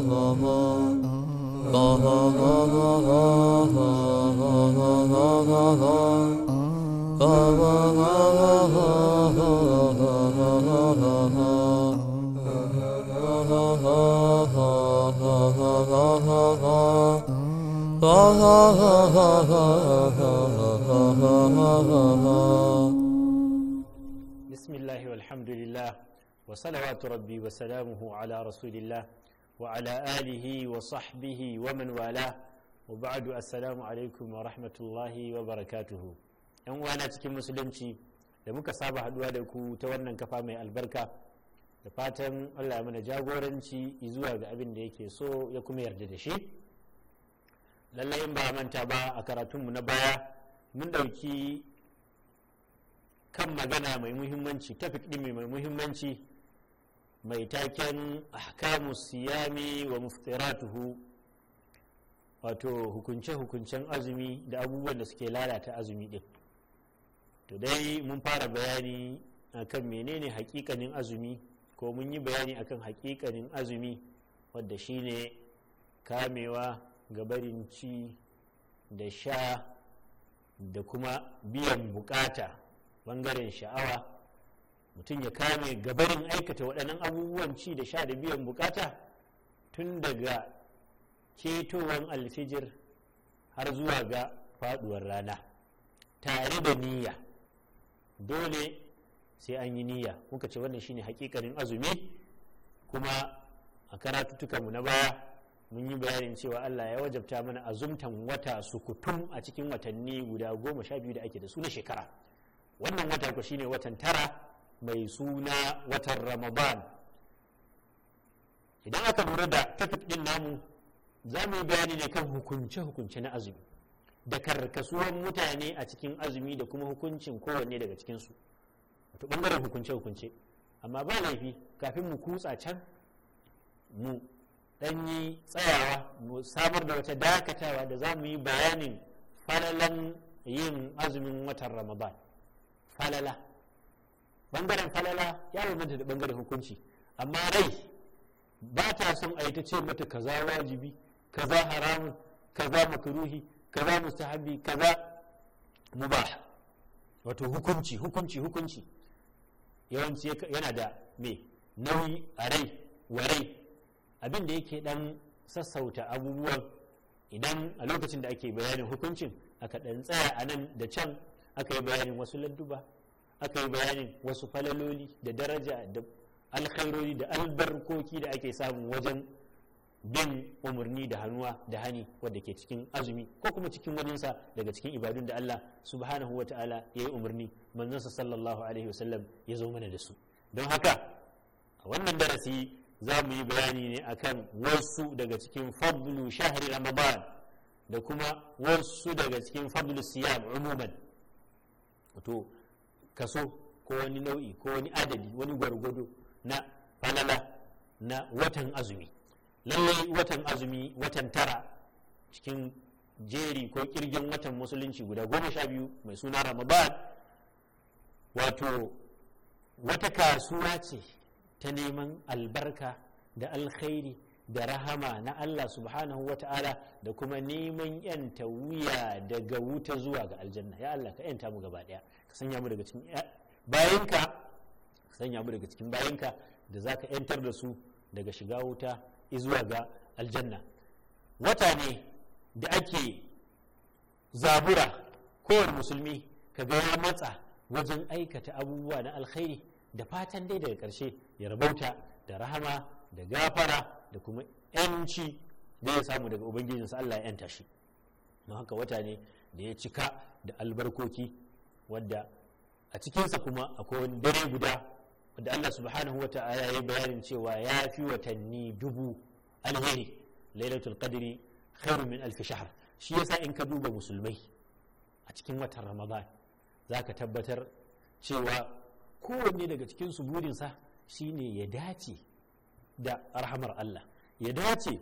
بسم الله والحمد لله وصلوات ربي وسلامه على رسول الله Wa وعلى آله وصحبه ومن والاه وبعد السلام عليكم ورحمة الله وبركاته ‘yan uwana cikin musulunci da muka saba haduwa da ku ta wannan kafa mai albarka da fatan allah ya mana jagoranci zuwa ga abin da yake so ya kuma yarda da shi lallai in ba manta ba a karatunmu na baya mun dauki kan magana mai muhimmanci tafi mai muhimmanci mai taken ahkamu siyami wa muftiratuhu wato hukunce-hukuncen azumi da abubuwan da suke lalata azumi din to dai mun fara bayani akan menene hakikanin azumi ko mun yi bayani akan hakikanin azumi wadda shine kamewa ga ci da sha da kuma biyan bukata bangaren sha'awa mutum ya kame gabarin aikata waɗannan abubuwan ci da sha da biyan bukata tun daga ketowar alfijir har zuwa ga faduwar rana tare da niyya dole sai an yi niyya kuka ce wannan shine hakikarin azumi kuma a karatuttukanmu na baya mun yi bayanin cewa Allah ya wajabta mana azumtan wata sukutum a cikin watanni guda goma sha biyu da ake da su na shekara wannan wata ku shine watan tara mai suna watan ramadan idan aka lura da tafiɗ ɗin namu za mu yi bayani ne kan hukunce-hukunce na azumi da karkasuwan mutane a cikin azumi da kuma hukuncin kowanne daga cikinsu wato ɓangaren hukunce-hukunce amma ba laifi kafin mu kutsa can mu ɗanyi tsayawa mu samar da wata dakatawa da za mu yi bayanin falalan yin azumin watan ramadan falala bangaren falala ya bambanta da bangaren hukunci amma rai ba ta son a yi ta ce mata kaza wajibi kaza haramun kaza makaruhi kaza mustahabi kaza mubah wato hukunci hukunci hukunci yawanci yana da mai nauyi a rai wa rai abin da yake dan sassauta abubuwan idan a lokacin da ake bayanin hukuncin aka dan tsaya a nan da can aka yi bayanin wasu ladduba aka yi bayanin wasu falaloli da daraja da alkhairori da albarkoki da ake samu wajen bin umarni da hannuwa da hani wadda ke cikin azumi ko kuma cikin waninsa daga cikin ibadun da Allah subhanahu wa ta'ala ya yi umarni manzansa sallallahu alaihi wasallam ya zo mana da su don haka a wannan darasi za mu yi bayani ne akan wasu daga cikin fadlu shahri ramadan da kuma wasu daga cikin fadlu siyam umuman wato kaso ko wani nau'i ko wani adadi wani gwargwado na falala na watan azumi lallai watan azumi watan tara cikin jeri ko kirgin watan musulunci guda goma sha biyu mai suna ramadan wato wata kasuwa ce ta neman albarka da alkhairi da rahama na Allah subhanahu wa ta'ala da kuma neman yanta wuya daga wuta zuwa ga aljanna ya Allah ka yanta mu gaba daya ka sanya mu daga cikin bayanka ka sanya mu daga cikin bayanka da ka yantar da su daga shiga wuta izuwa ga aljanna wata ne da ake zabura kowane musulmi ka ga ya matsa wajen aikata abubuwa na alkhairi da fatan dai daga ƙarshe ya rabauta da rahama da gafara da kuma yanci da ya samu daga ubangijinsa Allah ya yanta shi don haka wata ne da ya cika da albarkoki Wadda a cikinsa kuma akwai wani dare guda wadda Allah subhanahu wa ta'ala ya bayanin cewa ya fi watanni dubu alheri lailatul qadri khairu min alf shahr shi yasa in ka duba musulmai a cikin watan ramadan zaka tabbatar cewa kowanne daga cikin su burinsa shine ya dace da rahmar Allah ya dace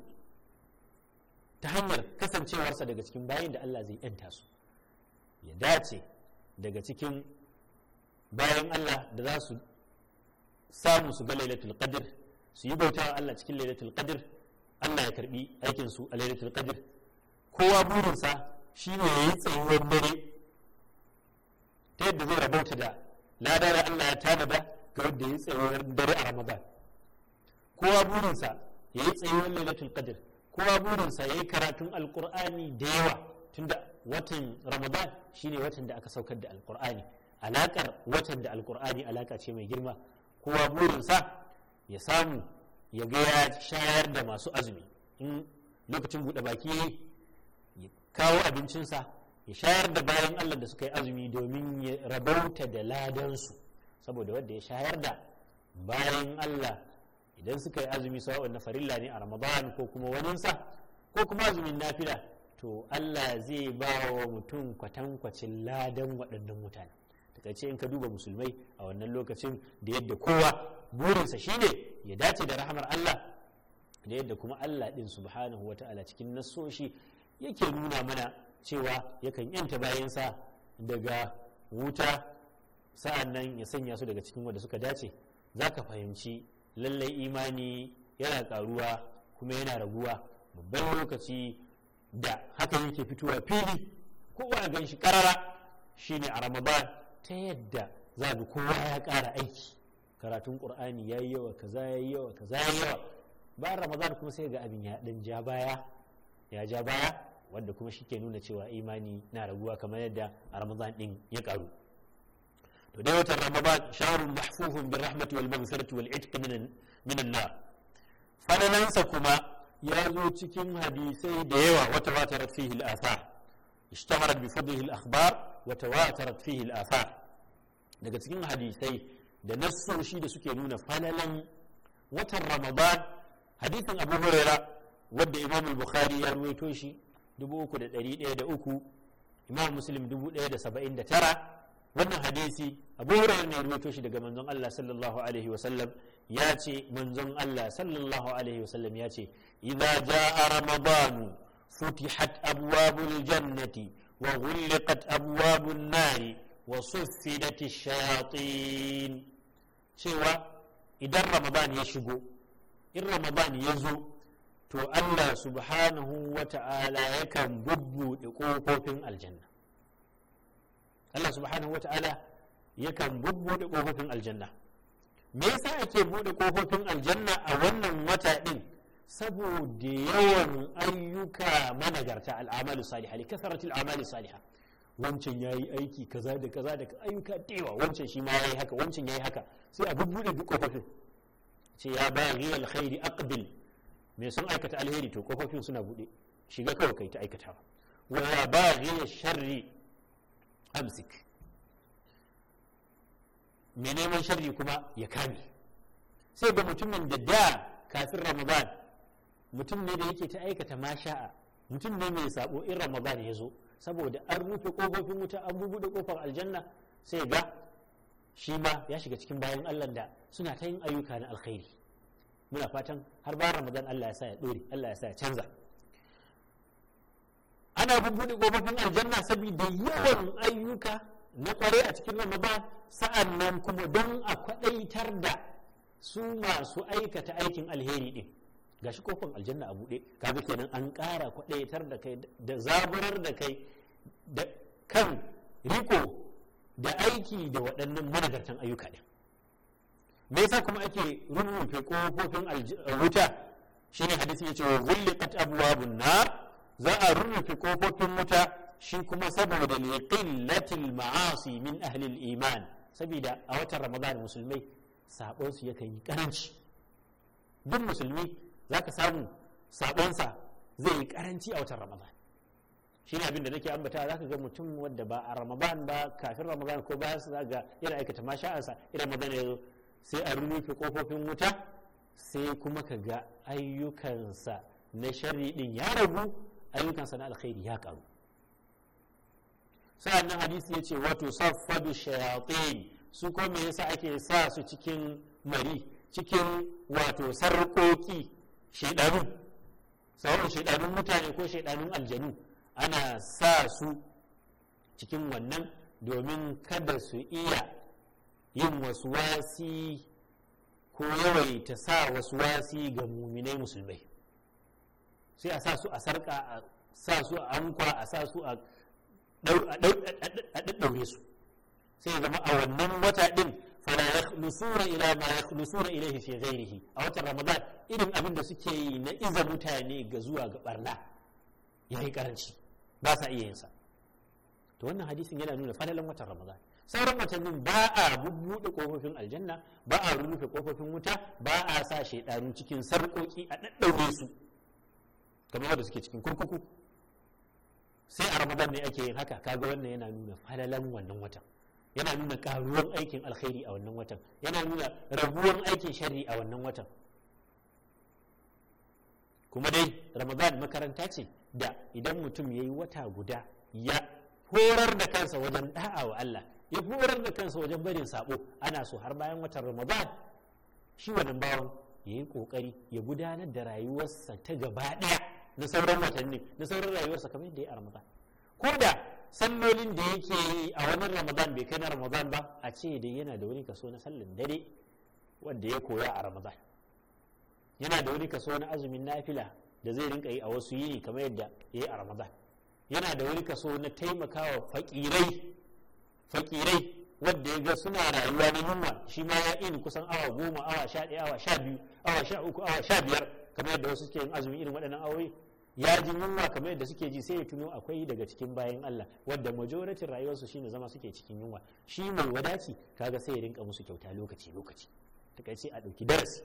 ta hanyar kasancewarsa daga cikin bayin da Allah zai yanta su ya dace daga cikin bayan Allah da za su samu su ga lailatul qadr su yi bauta wa Allah cikin lailatul qadr Allah ya karbi aikin su a lailatul qadr kowa burinsa shine yayi tsayuwar dare ta yadda zai rabauta da ladar Allah ya tanada ga wanda yayi tsayuwar dare a Ramadan kowa burinsa yayi tsayuwar lailatul qadr kowa burinsa yayi karatun alqur'ani da yawa tunda watan ramadan shine watan da aka saukar da alkur'ani alakar watan da alkur'ani alaka ce mai girma kowa burinsa ya samu ya ga ya shayar da masu azumi in lokacin buɗe baki ya kawo abincinsa ya shayar da bayan allah da suka yi azumi domin ya rabauta da ladansu saboda wadda ya shayar da bayan allah idan suka yi azumi sawa'un na farilla ne a ramadan ko kuma waninsa ko kuma azumin nafila to Allah zai ba wa mutum kwatankwacin ladan waɗannan mutane takaice in ka duba musulmai a wannan lokacin da yadda kowa burinsa shine ya dace da rahamar Allah da yadda kuma Allah din subhanahu wa ta'ala cikin nassoshi yake nuna mana cewa yakan yanta bayansa daga wuta sa'an nan ya sanya su daga cikin wanda suka dace za ka fahimci lallai imani yana karuwa kuma yana raguwa babban lokaci da haka yake fitowa fili kowa gan shi karara shine a ramadan ta yadda za ga kowa ya ƙara aiki karatun qur'ani yi yawa kaza yi yawa kaza yi yawa bayan ramadan kuma sai ga abin ya dan ja baya ya ja baya wanda kuma shi ke nuna cewa imani na raguwa kamar yadda a ramadan din ya karu to dai watan ramadan shahrun mahfufun bir rahmatu wal wal itq min min an kuma ya zo cikin hadisai da yawa wata ba tarat fihi al-athar bi fadlihi akhbar wa fihi al daga cikin hadisai da nassoshi da suke nuna falalan watan ramadan hadisin abu huraira wadda imam al-bukhari ya ruwaito shi 3103 imam muslim 1079 wannan hadisi abu hurairah ne rubuto shi daga manzon Allah sallallahu alaihi wasallam ya ce manzon Allah sallallahu alaihi wasallam ya ce idza jaa jannati wa أبواب الجنة وغلقت wa النار وصفدت الشياطين cewa idan ramadan ya shigo in ramadan ya zo to allah subhanahu wa ta'ala yakan bubbuɗe ƙofofin aljanna Allah subhanahu wata'ala yakan bubbuɗe ƙofofin aljanna me yasa ake buɗe ƙofofin aljanna a wannan wata ɗin saboda yawan ayyuka managarta al'amalu saliha li kasarati al'amalu saliha wancan yayi aiki kaza da kaza da ayyuka dewa wancan shi ma yayi haka wancan yayi haka sai a bubbuɗe duk ƙofofin ce ya baghi alkhairi aqbil me sun aikata alheri to ƙofofin suna buɗe shiga kawai kai ta aikatawa wa ya baghi sharri amsik mai neman sharri kuma ya kame sai ga mutumin da da kafin ramadan mutum ne da yake ta aikata masha'a mutum ne mai sabo in ramadan ya zo saboda an rufe kofofin wuta an bubuɗe kofar aljanna sai ga shi ma ya shiga cikin bayan allah da suna ta yin ayyuka na alkhairi muna fatan har ba ramadan allah ya sa ya ɗore allah ya sa ya canza ana bubbuɗe kofofin aljanna saboda yawan ayyuka na kware a cikin nan ba sa'an nan kuma don a kwaɗaitar da su masu aikata aikin alheri din shi kofin aljanna a buɗe kaga kenan an ƙara kwaɗaitar da kai da zaburar da kai da kan riko da aiki da waɗannan managartan ayyuka ɗin me yasa kuma ake rubuta kofofin wuta shine hadisi ce wa zulliqat abwabun nar za a rufe kofofin wuta shi kuma saboda liqillatil ma'asi min ahli iman saboda a watan ramadan musulmai sabon su yakan yi karanci duk musulmi zaka samu saɓonsa zai yi karanci a watan ramadan shine abin da nake ambata zaka ga mutum wanda ba a ramadan ba kafin ramadan ko ba sa ga yana aikata masha'ansa idan ramadan ya zo sai a rufe kofofin wuta sai kuma ka ga ayyukansa na shari din ya ragu ayyukansa na alkhairi ya karu sa'annan hadisi ya ce wato saffadu shayatin su ko me yasa ake sa su cikin mari cikin wato sarƙoƙi shaidanun sauran shaidanun mutane ko shaidanun aljanu ana sa su cikin wannan domin kada su iya yin wasu wasi ko yawaita sa wasu wasi ga muminai musulmai sai a sa su a sarka a sa su a hankwa a sa su a daddaure su sai zama a wannan wata din ya lusura ila ma yakhlusuna ilayhi a watan ramadan irin abin da suke yi na iza mutane ga zuwa ga barna yi karanci ba sa iya yinsa. sa to wannan hadisin yana nuna falalan watan ramadan sauran watannin ba a bubbuɗe kofofin aljanna ba a rufe kofofin wuta ba a sa shaidanu cikin sarƙoƙi a ɗaɗɗaure su kamar da suke cikin kurkuku sai a ramadan ne ake yin haka kaga wannan yana nuna falalan wannan watan yana nuna karuwan aikin alkhairi a wannan watan yana nuna rabuwan aikin shari a wannan watan kuma dai ramadan makaranta ce da idan mutum ya yi wata guda ya horar da kansa wajen da'a wa Allah ya horar da kansa wajen barin sabo ana so har bayan watan ramadan shi wannan bawan ya yi kokari ya gudanar da rayuwarsa ta gaba ɗaya. na sauran watanni na sauran rayuwarsa kamar yadda ya a ramadan ko da sallolin da yake yi a wani ramadan bai kai na ramadan ba a ce dai yana da wani kaso na sallin dare wanda ya koya a ramadan yana da wani kaso na azumin nafila da zai rinka yi a wasu yini kamar yadda ya yi a ramadan yana da wani kaso na taimakawa fakirai fakirai wanda ya ga suna rayuwa na yunwa shi ma ya in kusan awa goma awa sha ɗaya awa sha biyu awa sha uku awa sha biyar kamar yadda wasu suke yin azumi irin waɗannan awoyi ya ji yunwa kamar yadda suke ji sai ya tuno akwai daga cikin bayan Allah wadda majoratin rayuwarsu shine zama suke cikin yunwa shi mai wadaci kaga sai ya rinka musu kyauta lokaci lokaci takaice a dauki darasi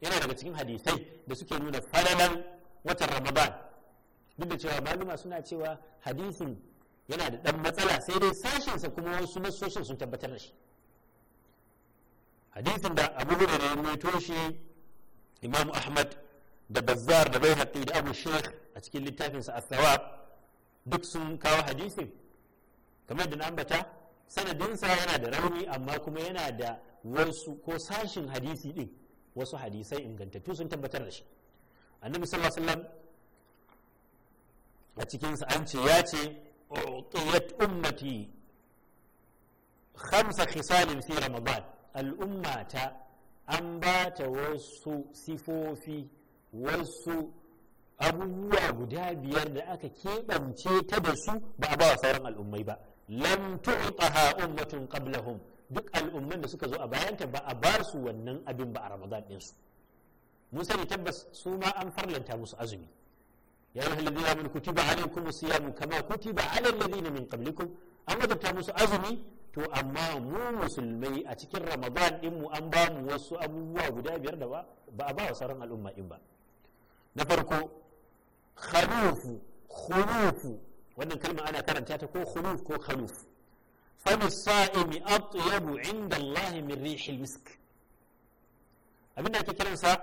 yana daga cikin hadisai da suke nuna falalan watan Ramadan duk da cewa maluma suna cewa hadisin yana da dan matsala sai dai sa kuma wasu nasoshin sun tabbatar da shi hadisin da Abu Hurairah ya shi Imam Ahmad da bazzar da bai haƙi da abu sheikh a cikin littafinsa a duk sun kawo hadisin kamar da na ambata sanadinsa yana da rauni amma kuma yana da wasu ko sashin hadisi din wasu hadisai ingantattu sun tabbatar da shi annabi sallallahu alaihi wasallam a cikinsa an ce ya ce uqiyat ummati khamsa khisalin fi ramadan al'ummata an ba ta wasu sifofi wasu abubuwa guda biyar da aka keɓance ta da su ba a ba sauran al'ummai ba lam tu'taha ummatun qablahum duk al'umman da suka zo a bayanta ba a bar su wannan abin ba a ramadan din su mun sani tabbas su ma an farlanta musu azumi ya ayyuhal ladina amanu kutiba alaykum siyamu kama kutiba alal ladina min qablikum an wajabta musu azumi to amma mu musulmai a cikin ramadan din mu an ba mu wasu abubuwa guda biyar da ba a ba wa sauran al'umma din ba na farko khalufu khulufu wannan kalma ana karanta ta ko khuluf ko khaluf fami sa'imi atyabu inda Allah min rihil misk abinda ake kiransa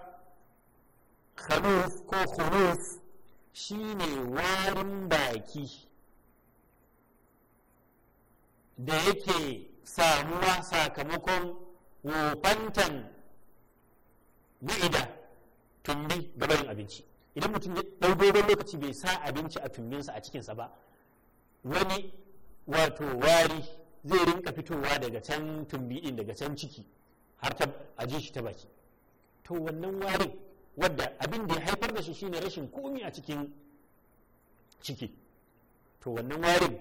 khaluf ko khuluf shine warin baki da yake samuwa sakamakon wofantan ni'ida tumbi da barin abinci idan mutum ya ɗau dogon lokaci bai sa abinci a tumbinsa a cikinsa ba wani wato wari zai rinka fitowa daga can tumbi ɗin daga can ciki har ta aji shi ta baki to wannan warin wadda abin da ya haifar da shi shine rashin komi a cikin ciki to wannan warin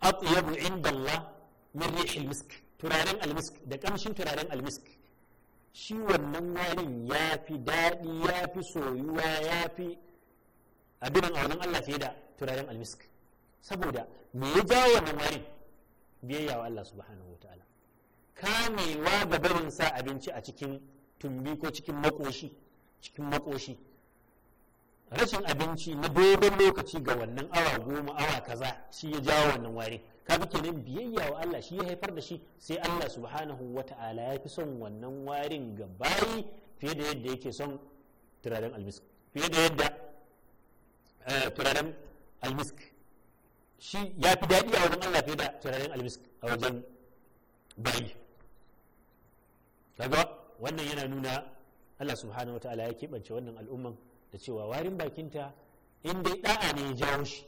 atyabu inda Allah min rihil misk turaren almisk da kamshin turaren almisk shi wannan warin ya fi daɗi ya fi soyuwa ya fi abinan a wannan Allah fiye da turaren almisk saboda me ya jawo wannan warin biyayya wa Allah subhanahu wa ta'ala kamewa ga barin sa abinci a cikin tumbi ko cikin makoshi cikin makoshi rashin abinci na dogon lokaci ga wannan awa goma awa kaza shi ya jawo wannan warin kaga kenan biyayya wa Allah shi ya haifar da shi sai Allah subhanahu wata'ala ya fi son wannan warin ga fiye da yadda yake son turaren almisk fiye da yadda eh, turaren almisk shi ya fi daɗi a wajen Allah fiye da turaren almisk a wajen bayi kaga wannan yana nuna Allah subhanahu wata'ala ya keɓance wannan al'umman da cewa warin bakinta in dai ɗa'a ne ya jawo shi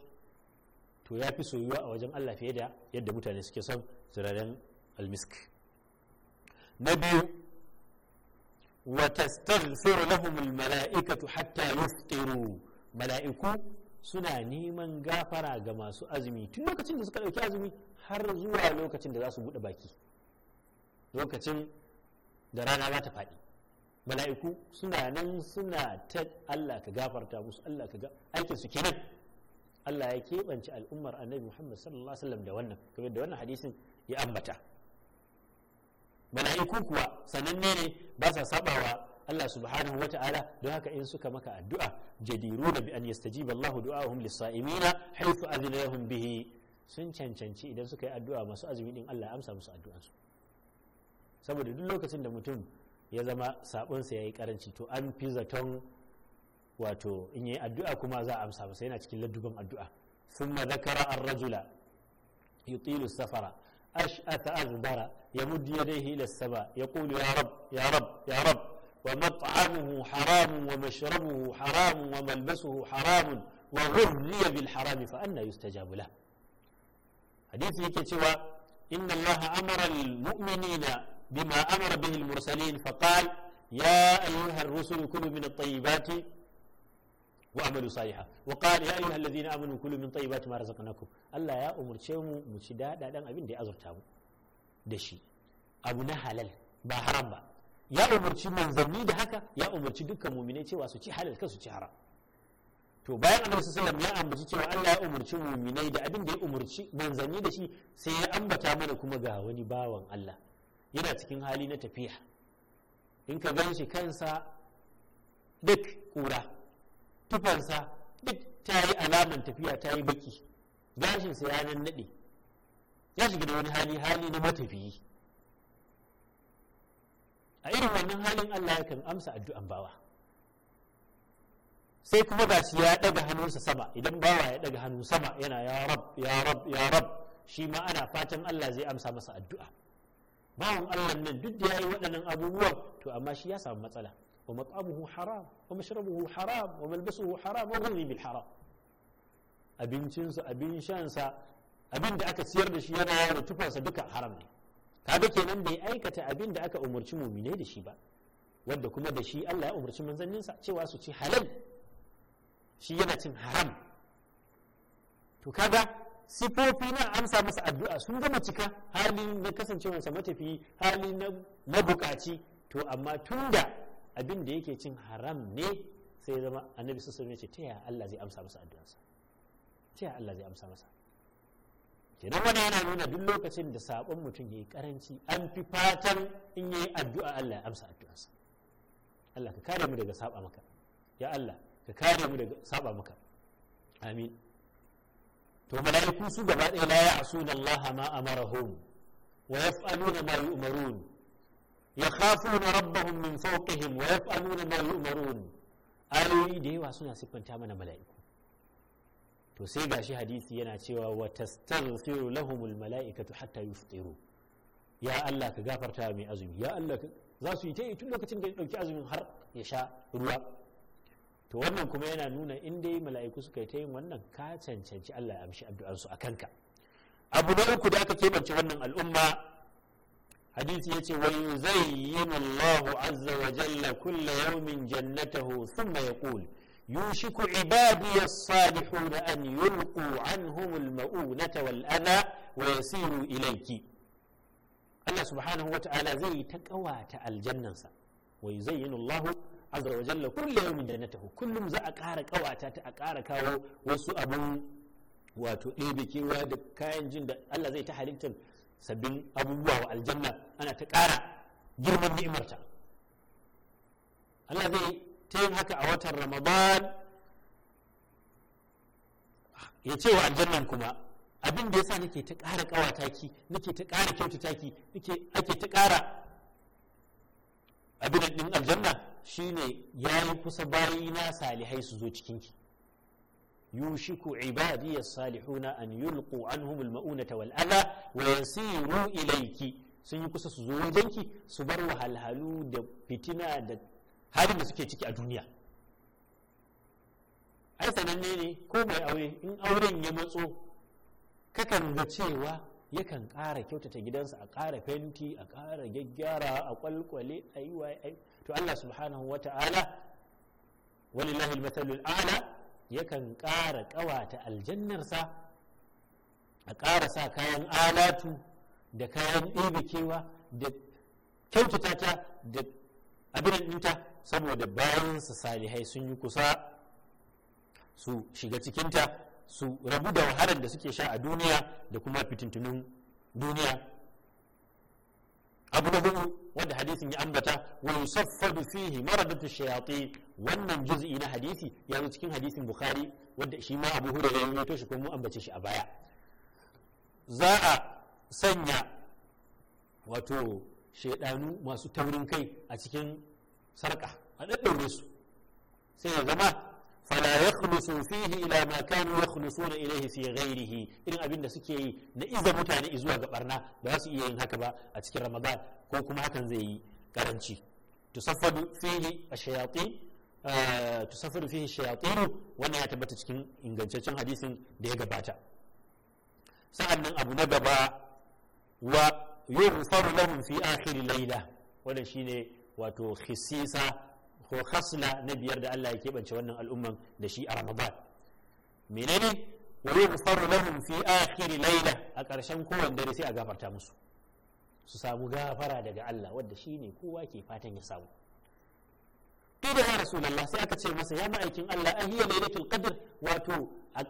to ya fi soyuwa a wajen Allah fiye da yadda mutane suke son turaren almisk na biyu wa lahum almala'ikatu hatta yuftiru mala'iku suna neman gafara ga masu azumi tun lokacin da suka dauki azumi har zuwa lokacin da za su bude baki lokacin da rana za ta faɗi mala'iku suna nan suna ta Allah ka gafarta musu Allah ka ga aikin su kenan Allah ya keɓance al'ummar annabi Muhammad sallallahu alaihi wasallam da wannan kamar da wannan hadisin ya ambata mala'iku kuwa sananne ne ba sa sabawa Allah subhanahu wata'ala don haka in suka maka addu'a da bi an yastajiba Allah du'ahum lis-sa'imina haythu adhina lahum bihi sun cancanci idan suka yi addu'a masu azumi din Allah ya amsa musu addu'ansu saboda duk lokacin da mutum ya zama sabonsa ya yi karanci to an fi zaton wato in yi addu'a kuma za a amsa masa yana cikin ladduban addu'a thumma dhakara ar-rajula yutilu safara ash'ata azbara yamuddu yadayhi ila as-sama yaqulu ya rab ya rab ya rab wa mat'amuhu haramun wa mashrabuhu haramun wa malbasuhu haramun wa ghurriya bil harami fa anna yustajabu la hadisi yake cewa inna allaha amara al-mu'minina bima amara bihi al-mursalin fa faqala يا أيها الرسل كلوا من الطيبات واعملوا صالحا وقال يا ايها الذين امنوا كلوا من طيبات ما رزقناكم الله يا امرce mu mu ci daɗaɗen ابين دي ya azurta mu da shi abu na halal ba haram ba ya umarci ده da haka ya umarci dukkan muminai cewa su ci halal su ci haram to bayan annabi sallallahu alaihi ya ambaci cewa Allah ya umarci muminai da abin da ya umarci manzanni da shi sai ya ambata mana kuma ga wani bawan Allah yana cikin hali na tafiya in ka gan shi kansa duk kura tufansa duk ta yi alaman tafiya ta yi baki gashinsa ya nan naɗe ya shiga da wani hali hali na matafiyi a irin wannan halin Allah ya kan amsa addu'an bawa sai kuma basu shi ya ɗaga hannunsa sama idan bawa ya ɗaga hannu sama yana ya rab ya rab ya rab shi ma ana fatan Allah zai amsa masa addu'a bawan Allah nan duk da ya yi waɗannan abubuwan to amma shi ya samu matsala ومطعمه حرام ومشربه حرام وملبسه حرام وغني بالحرام abincinsa abin shansa abin da aka siyar da shi yana yawo tufansa duka haram ne kaga kenan bai aikata abinda aka umarci muminai da shi ba wadda kuma da shi Allah ya umarci manzaninsa cewa su ci halal shi yana cin haram to kaga sifofi na amsa masa addu'a sun gama cika hali na kasancewarsa matafi hali na mabukaci to amma tunda abin da yake cin haram ne sai ya zama annabi sassan ya ce ta yaya Allah zai amsa masa addu'arsa ta yaya Allah zai amsa masa kenan wani yana nuna duk lokacin da sabon mutum ya yi karanci an fi fatan in ya yi addu'a Allah ya amsa addu'arsa Allah ka kare mu daga saba maka ya Allah ka kare mu daga saba maka amin to mala'iku su gaba ɗaya la ya'suna Allah ma amarahum wa yaf'aluna ma yu'marun yakhafuna rabbahum min fawqihim wa yaf'aluna ma yu'marun ayoyi da yawa suna siffanta mana mala'iku to sai gashi hadisi yana cewa wata tastaghfiru lahumul mala'ikatu hatta yufṭiru ya Allah ka gafarta mai azumi ya Allah za su yi ta tun lokacin da ya dauki azumin har ya sha ruwa to wannan kuma yana nuna in dai mala'iku suka yi ta yin wannan ka cancanci Allah ya amshi addu'arsu a kanka abu na uku da aka keɓance wannan al'umma hadisi yace wa yuzayyinu Allah azza wa jalla kulla yawmin jannatahu thumma yaqul yushiku ibadi as-salihun an yulqu anhum al-ma'unata wal ana wa yasiru ilayki Allah subhanahu wa ta'ala zai ta kawata aljannansa wa yuzayyinu Allah azza wa jalla kulla yawmin jannatahu kullum za a ƙara ta a ƙara kawo wasu abu wato ɗebe da kayan jin da Allah zai ta halittar sabbin abubuwa wa aljanna ana ta ƙara girman ni'imarta Allah zai ta yin haka a watan ramadan ya ce wa aljannan kuma abin da yasa nake ta ƙara ƙawata ki nake ta ƙara kyautata ki ake ta ƙara abin din aljanna shine yayi kusa bayina salihai su zo cikinki. ki yushiku ibadiya salihuna an yulqu anhum almaunata wal adha wa yasiru ilayki sun yi kusa su zo wajenki su bar wahalhalu da fitina da halin da suke ciki a duniya ai sananne ne ko mai aure in auren ya matso kakan ga cewa yakan ƙara kyautata gidansa a ƙara fenti a ƙara gyaggyara a kwalkwale a yi to Allah subhanahu wa ta'ala walillahi al-mathalu ala yakan ƙara ƙawata aljannarsa a ƙara sa kayan alatu da kayan ɗibikewa da kyautata ta da abin ɗinta saboda bayansa salihai sun yi kusa su shiga cikinta su rabu da wahalar da suke sha a duniya da kuma fitintunun duniya abu na hudu wanda hadisin ya ambata wa yusaffadu fihi maradatu shayati wannan juz'i na hadisi ya yi cikin hadisin bukhari wanda shi ma abu hudu ya yi shi kuma ambace shi a baya za a sanya wato shaidanu masu taurin kai a cikin sarka a daddaure su sai ya zama fala yakhlusu fihi ila ma kanu yakhlusuna ilayhi fi ghairihi irin abin da suke yi na iza mutane zuwa ga barna ba su iya yin haka ba a cikin ramadan ko kuma hakan zai yi karanci tusaffadu fihi ash-shayatin tusaffadu fihi shayatin wannan ya tabbata cikin ingantaccen hadisin da ya gabata nan abu na gaba wa yurfaru lahum fi akhir layla wannan shine wato khisisa ko hasla na biyar da Allah ya keɓance wannan al'umman da shi a ramadan menene wa yughfaru lahum fi akhir layla a ƙarshen kowanne dare sai a gafarta musu su samu gafara daga Allah wanda ne kowa ke fatan ya samu to da rasulullah sai aka ce masa ya ma'aikin Allah an ahiya lailatul qadr wato a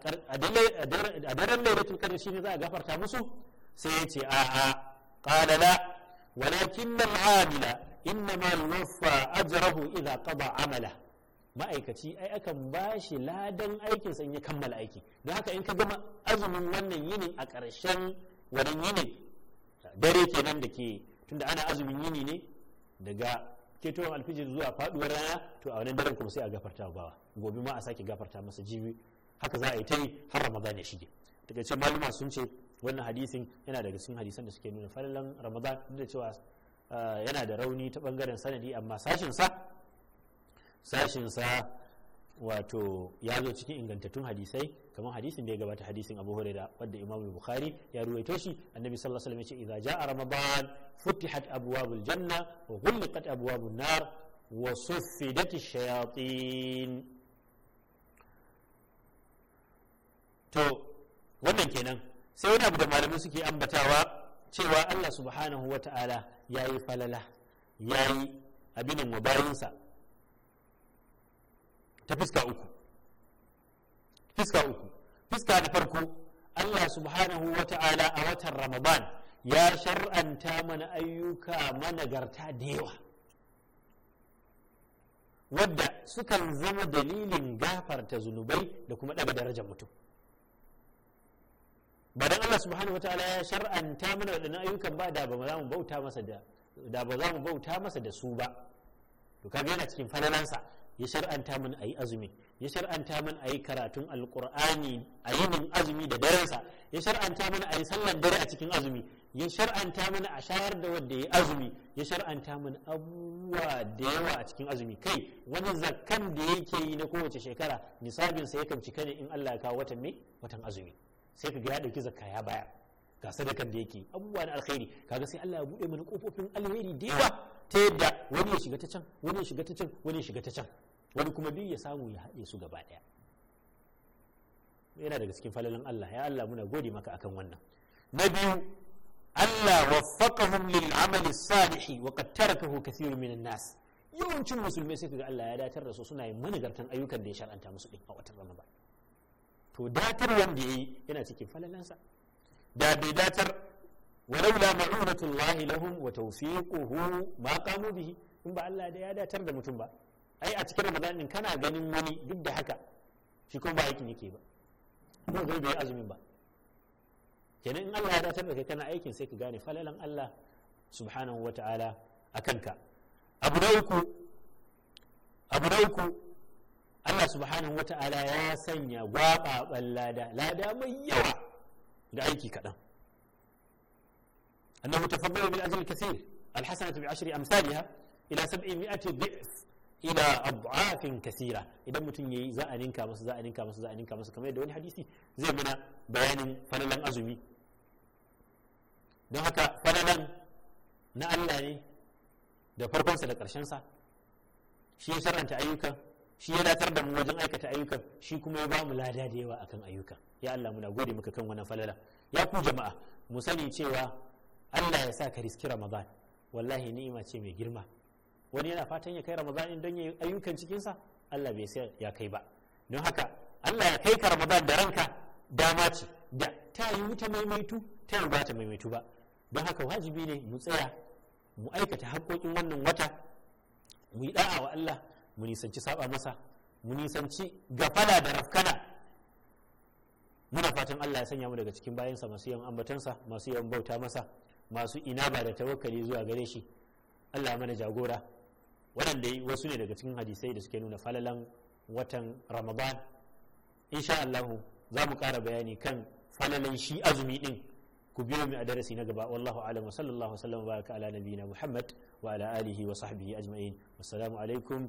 daren lailatul qadr ne za a gafarta musu sai ya ce a'a qala la walakin al-amila innama yuwaffa ajrahu idza qada amala ma'aikaci ai akan bashi ladan aikin sa ya kammala aiki don haka in ka gama azumin wannan yini a ƙarshen wannan yini dare kenan da ke tunda ana azumin yini ne daga ketowar alfijir zuwa faduwar rana to a wannan daren kuma sai a gafarta bawa gobe ma a sake gafarta masa jibi haka za a yi ta yi har ramadan ya shige daga maluma sun ce wannan hadisin yana daga cikin hadisan da suke nuna falalan ramadan duk da cewa Eh, yana da rauni ta bangaren sanadi amma sashinsa sashinsa wato ya zo cikin ingantattun hadisai kamar hadisin da ya gabata hadisin abu huraira wadda imam bukhari ya ruwaito shi annabi sallallahu alaihi wasallam ya ce idza ja'a ramadan futihat abwabul janna wa ghulqat abwabun nar wa suffidat ash-shayatin to wannan kenan sai wani abu da malamai suke ambatawa cewa Allah subhanahu ta'ala. ya yi falala ya yi abinin wa ta fiska uku fiska uku fiska da farko Allah subhanahu wa ta'ala a watan ramadan ya shar'anta mana ayyuka mana garta da yawa wadda sukan zama dalilin gafarta zunubai da kuma ɗaga darajar mutum ba Allah subhanahu ya shar'anta mana waɗannan ayyukan ba da ba za mu bauta masa da da ba za mu bauta masa da su ba to kaga yana cikin falalansa ya shar'anta mana ayi azumi ya shar'anta mana ayi karatun alqur'ani a yinin azumi da darensa ya shar'anta mana ayi sallar dare a cikin azumi ya shar'anta mana a shayar da wanda ya azumi ya shar'anta mana abubuwa da yawa a cikin azumi kai wani zakkan da yake yi na kowace shekara nisabinsa yakan cika ne in Allah ya kawo watan me watan azumi sai ka ga ya dauki zakka ya bayar ga sadakan da yake abubuwa na alkhairi kaga sai Allah ya buɗe mana kofofin alheri da yawa ta yadda wani ya shiga ta can wani ya shiga ta can wani ya shiga ta can wani kuma biyu ya samu ya haɗe su gaba ɗaya yana daga cikin falalin Allah ya Allah muna gode maka akan wannan na biyu Allah waffaqahum lil amali salihi wa qad tarakahu kathirun minan nas yawancin musulmai sai kaga Allah ya datar da su suna yin manigartan ayyukan da ya shar'anta musu din a watan Ramadan to datar wanda yi yana cikin falalansa da bai datar walaula lahi lahum wa tawfiquhu ma qamu bihi in ba Allah da ya datar da mutum ba ai a cikin Ramadan din kana ganin wani duk da haka shi kuma ba aikin yake ba ko zai bai azumin ba kenan in Allah ya datar da kai kana aikin sai ka gane falalan Allah subhanahu wa ta'ala a ka abu na uku abu na Allah subhanahu wa ta'ala ya sanya gwababan lada lada mai yawa ga aiki kaɗan annahu tafaddalu bil ajri kathir al hasanatu bi ashri amsalha ila 700 dhi'f ila ad'afin kathira idan mutum yayi za a ninka masa za a ninka masa za a ninka masa kamar yadda wani hadisi zai mana bayanin falalan azumi don haka falalan na Allah ne da farkonsa da ƙarshensa shi ya sharanta ayyukan shi ya datar da mu wajen aikata ayyukan shi kuma ya ba mu lada da yawa akan ayyuka ya Allah muna gode maka kan wannan falala ya ku jama'a mu sani cewa Allah ya sa ka riski Ramadan wallahi ni'ima ce mai girma wani yana fatan ya kai Ramadan don ya ayyukan cikin sa Allah bai sai ya kai ba don haka Allah ya kai ka Ramadan da ranka dama ce da ta yi wuta maimaitu ta yi ba ta maimaitu ba don haka wajibi ne mu tsaya mu aikata haƙoƙin wannan wata mu yi da'a wa Allah mu nisanci saba masa mu nisanci gafala da rafkana muna fatan Allah ya sanya mu daga cikin bayansa masu yawan ambatansa masu yawan bauta masa masu inaba da tawakkali zuwa gare shi Allah mana jagora waɗanda wasu ne daga cikin hadisai da suke nuna falalan watan Ramadan insha Allah za mu ƙara bayani kan falalan shi azumi din ku biyo mu a darasi na gaba wallahu a'lam wa sallallahu alaihi wa sallam baraka ala nabiyina Muhammad wa ala alihi wa sahbihi ajma'in wassalamu alaikum